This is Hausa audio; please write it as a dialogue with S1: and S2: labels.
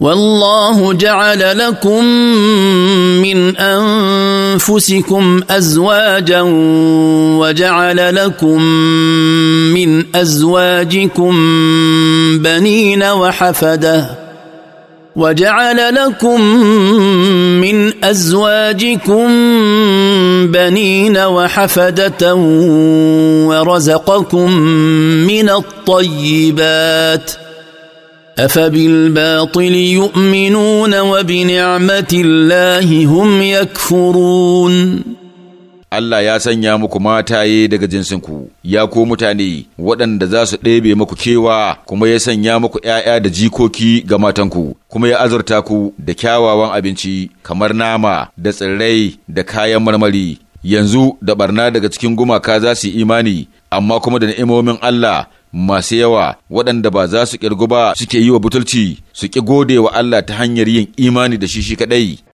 S1: والله جعل لكم من انفسكم ازواجا وجعل لكم من ازواجكم بنين وحفده وجعل لكم من ازواجكم بنين وحفده ورزقكم من الطيبات ۖ أفبالباطل يؤمنون وبنعمة الله هم يكفرون
S2: Allah ya sanya muku mataye daga jinsinku, ya ko mutane waɗanda za su ɗebe muku kewa kuma ya sanya muku ‘ya'ya da jikoki ga matanku, kuma ya azurta ku da kyawawan abinci kamar nama da tsirrai da kayan marmari. Yanzu da ɓarna daga cikin gumaka za su yi imani, amma kuma da ni'imomin Allah masu yawa waɗanda ba za su ƙirgu ba suke yi wa butulci su ƙi gode wa Allah ta hanyar yin imani da shi shi kaɗai.